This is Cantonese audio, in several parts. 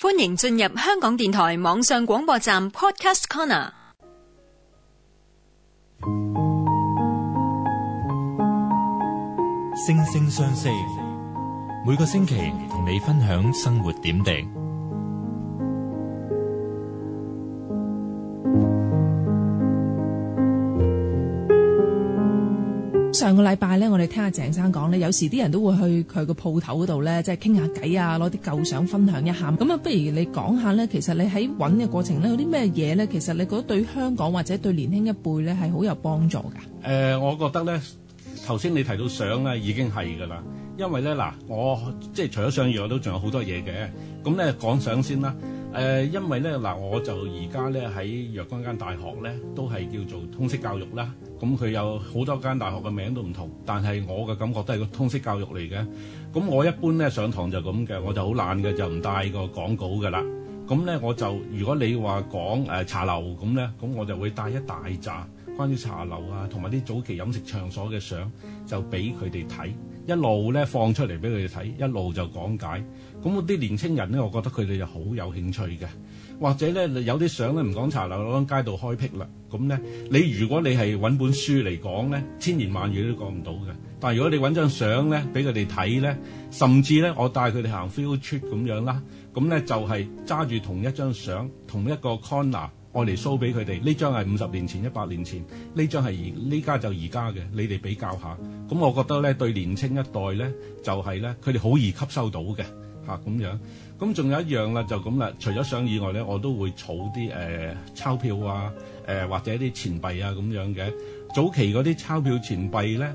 歡迎進入香港電台網上廣播站 Podcast Corner，星聲相識，每個星期同你分享生活點滴。上個禮拜咧，我哋聽阿鄭生講咧，有時啲人都會去佢個鋪頭嗰度咧，即係傾下偈啊，攞啲舊相分享一下。咁啊，不如你講下咧，其實你喺揾嘅過程咧，有啲咩嘢咧？其實你覺得對香港或者對年輕一輩咧，係好有幫助噶？誒、呃，我覺得咧，頭先你提到相咧，已經係噶啦。因為咧嗱，我即係除咗相以外，都仲有好多嘢嘅。咁咧講相先啦。誒、呃，因為咧嗱、呃，我就而家咧喺若干間大學咧，都係叫做通識教育啦。咁佢有好多間大學嘅名都唔同，但係我嘅感覺都係個通識教育嚟嘅。咁我一般咧上堂就咁嘅，我就好懶嘅，就唔帶個講稿噶啦。咁咧我就如果你話講誒茶樓咁咧，咁我就會帶一大紮關於茶樓啊同埋啲早期飲食場所嘅相，就俾佢哋睇，一路咧放出嚟俾佢哋睇，一路就講解。咁啲年青人咧，我覺得佢哋就好有興趣嘅。或者咧有啲相咧唔講茶樓，攞喺街度開闢啦。咁咧你如果你係揾本書嚟講咧，千言萬語都講唔到嘅。但係如果你揾張相咧俾佢哋睇咧，甚至咧我帶佢哋行 field trip 咁樣啦，咁咧就係揸住同一張相，同一個 corner。我嚟 show 俾佢哋，呢張係五十年前、一百年前，呢張係呢家就而家嘅，你哋比較下。咁我覺得咧，對年青一代咧，就係、是、咧，佢哋好易吸收到嘅，嚇、啊、咁樣。咁仲有一樣啦，就咁啦。除咗相以外咧，我都會儲啲誒、呃、鈔票啊，誒、呃、或者啲錢幣啊咁樣嘅。早期嗰啲鈔票錢幣咧。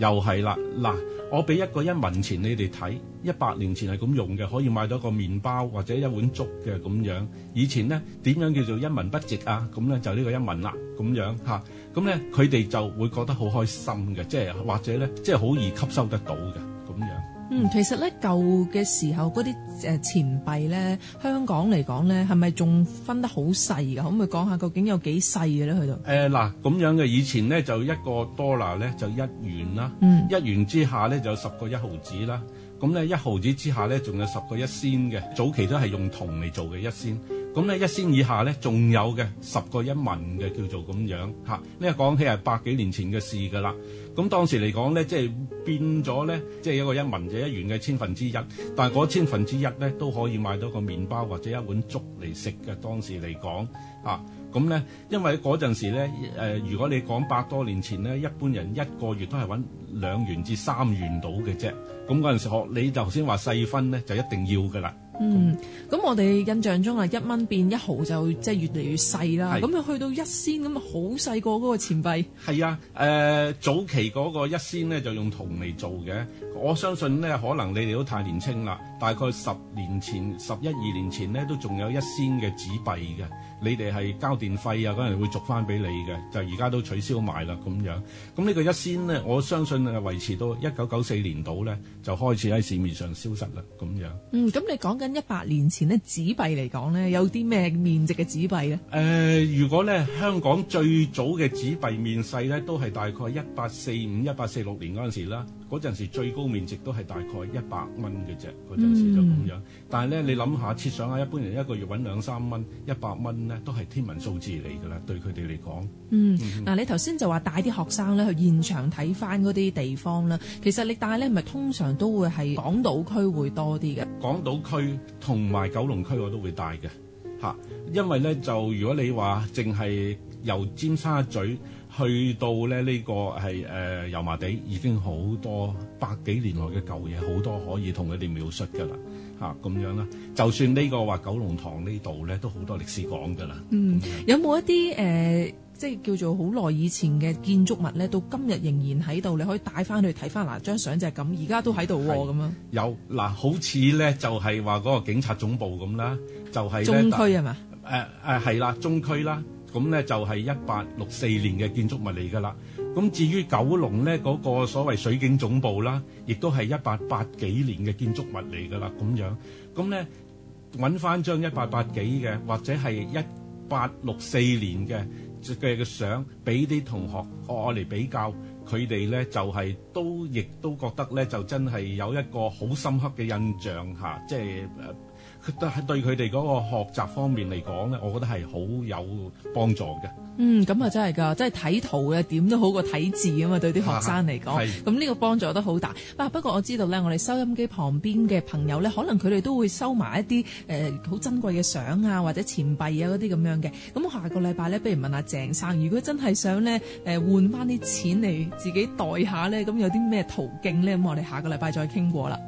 又係啦，嗱，我俾一個一文錢你哋睇，一百年前係咁用嘅，可以買到一個麵包或者一碗粥嘅咁樣。以前呢，點樣叫做一文不值啊？咁呢就呢個一文啦，咁樣吓，咁呢佢哋就會覺得好開心嘅，即係或者呢，即係好易吸收得到嘅。嗯、其實咧舊嘅時候嗰啲誒錢幣咧，香港嚟講咧，係咪仲分得好細㗎？可唔可以講下究竟有幾細嘅咧？佢就誒，嗱，咁樣嘅以前咧，就一個多拿咧就一元啦，嗯、一元之下咧就有十個一毫子啦，咁咧一毫子之下咧仲有十個一仙嘅，早期都係用銅嚟做嘅一仙。咁咧一仙以下咧仲有嘅十個一文嘅叫做咁樣嚇，呢個講起係百幾年前嘅事噶啦。咁當時嚟講咧，即係變咗咧，即係一個一文就一元嘅千分之一，但係嗰千分之一咧都可以買到個麵包或者一碗粥嚟食嘅。當時嚟講啊，咁咧因為嗰陣時咧誒、呃，如果你講百多年前咧，一般人一個月都係揾兩元至三元到嘅啫。咁嗰陣時你就頭先話細分咧，就一定要嘅啦。嗯，咁我哋印象中啊，一蚊變一毫就即係越嚟越細啦。咁又是去到一仙咁啊，好細個個錢幣，係啊，誒早期個一仙咧就用銅嚟做嘅。我相信咧，可能你哋都太年輕啦。大概十年前、十一二年前咧，都仲有一仙嘅紙幣嘅。你哋係交電費啊嗰陣會續翻俾你嘅，就而家都取消埋啦咁樣。咁呢個一仙咧，我相信誒維持到一九九四年度咧，就開始喺市面上消失啦咁樣。嗯，咁你講緊。一百年前咧，紙幣嚟講咧，有啲咩面值嘅紙幣咧？誒、呃，如果咧香港最早嘅紙幣面世咧，都係大概一八四五一八四六年嗰陣時啦。嗰陣時最高面值都係大概一百蚊嘅啫，嗰陣時就咁樣。嗯、但係咧，你諗下，設想下一般人一個月揾兩三蚊，一百蚊咧都係天文數字嚟噶啦，對佢哋嚟講。嗯，嗱、嗯哼，你頭先就話帶啲學生咧去現場睇翻嗰啲地方啦。其實你帶咧，係咪通常都會係港島區會多啲嘅？港島區同埋九龍區我都會帶嘅，嚇，因為咧就如果你話淨係。由尖沙咀去到咧，呢個係誒油麻地，已經好多百幾年嚟嘅舊嘢，好多可以同佢哋描述噶啦嚇，咁樣啦。就算呢個話九龍塘呢度咧，都好多歷史講噶啦。嗯，有冇一啲誒、呃，即係叫做好耐以前嘅建築物咧？到今日仍然喺度，你可以帶翻去睇翻嗱，張相就係咁，而家都喺度喎咁啊。有嗱，好似咧就係話嗰個警察總部咁啦，就係中區吖嘛？誒誒係啦，中區啦。咁呢就係一八六四年嘅建築物嚟㗎啦。咁至於九龍呢嗰、那個所謂水警總部啦，亦都係一八八幾年嘅建築物嚟㗎啦。咁樣，咁呢，揾翻張一八八幾嘅，或者係一八六四年嘅嘅相，俾啲同學我嚟比較，佢哋呢就係、是、都亦都覺得呢，就真係有一個好深刻嘅印象嚇，即、啊、係、就是佢對佢哋嗰個學習方面嚟講咧，我覺得係好有幫助嘅。嗯，咁啊真係㗎，即係睇圖嘅點都好過睇字啊嘛，對啲學生嚟講，咁呢、啊、個幫助都好大。啊，不過我知道呢，我哋收音機旁邊嘅朋友呢，可能佢哋都會收埋一啲誒好珍貴嘅相啊，或者錢幣啊嗰啲咁樣嘅。咁下個禮拜呢，不如問下鄭生，如果真係想呢誒換翻啲錢嚟自己袋下呢，咁有啲咩途徑呢？咁我哋下個禮拜再傾過啦。